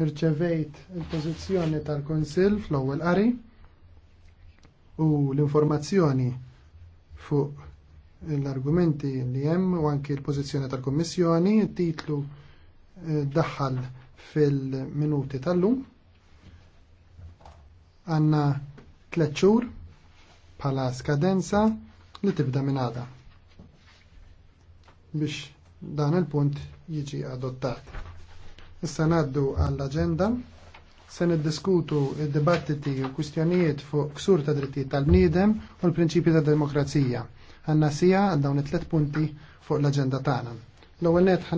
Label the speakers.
Speaker 1: Irċevejt il-pożizzjoni tal-Konsil fl-ewwel qari u l-informazzjoni fuq l-argumenti li hemm u anki l-pożizzjoni tal kummissjoni titlu eh, daħħal fil-minuti tal-lum. Għanna tliet xhur bħala skadenza li tibda minn għada biex dan il-punt jiġi adottat. Issa naddu għall-agenda. Se niddiskutu id-dibattiti u kwistjonijiet fuq ksur ta' drittijiet tal-bniedem u l-prinċipji ta' demokrazija. Għanna sija għandawn it-tlet punti
Speaker 2: fuq l-agenda tagħna. L-ewwel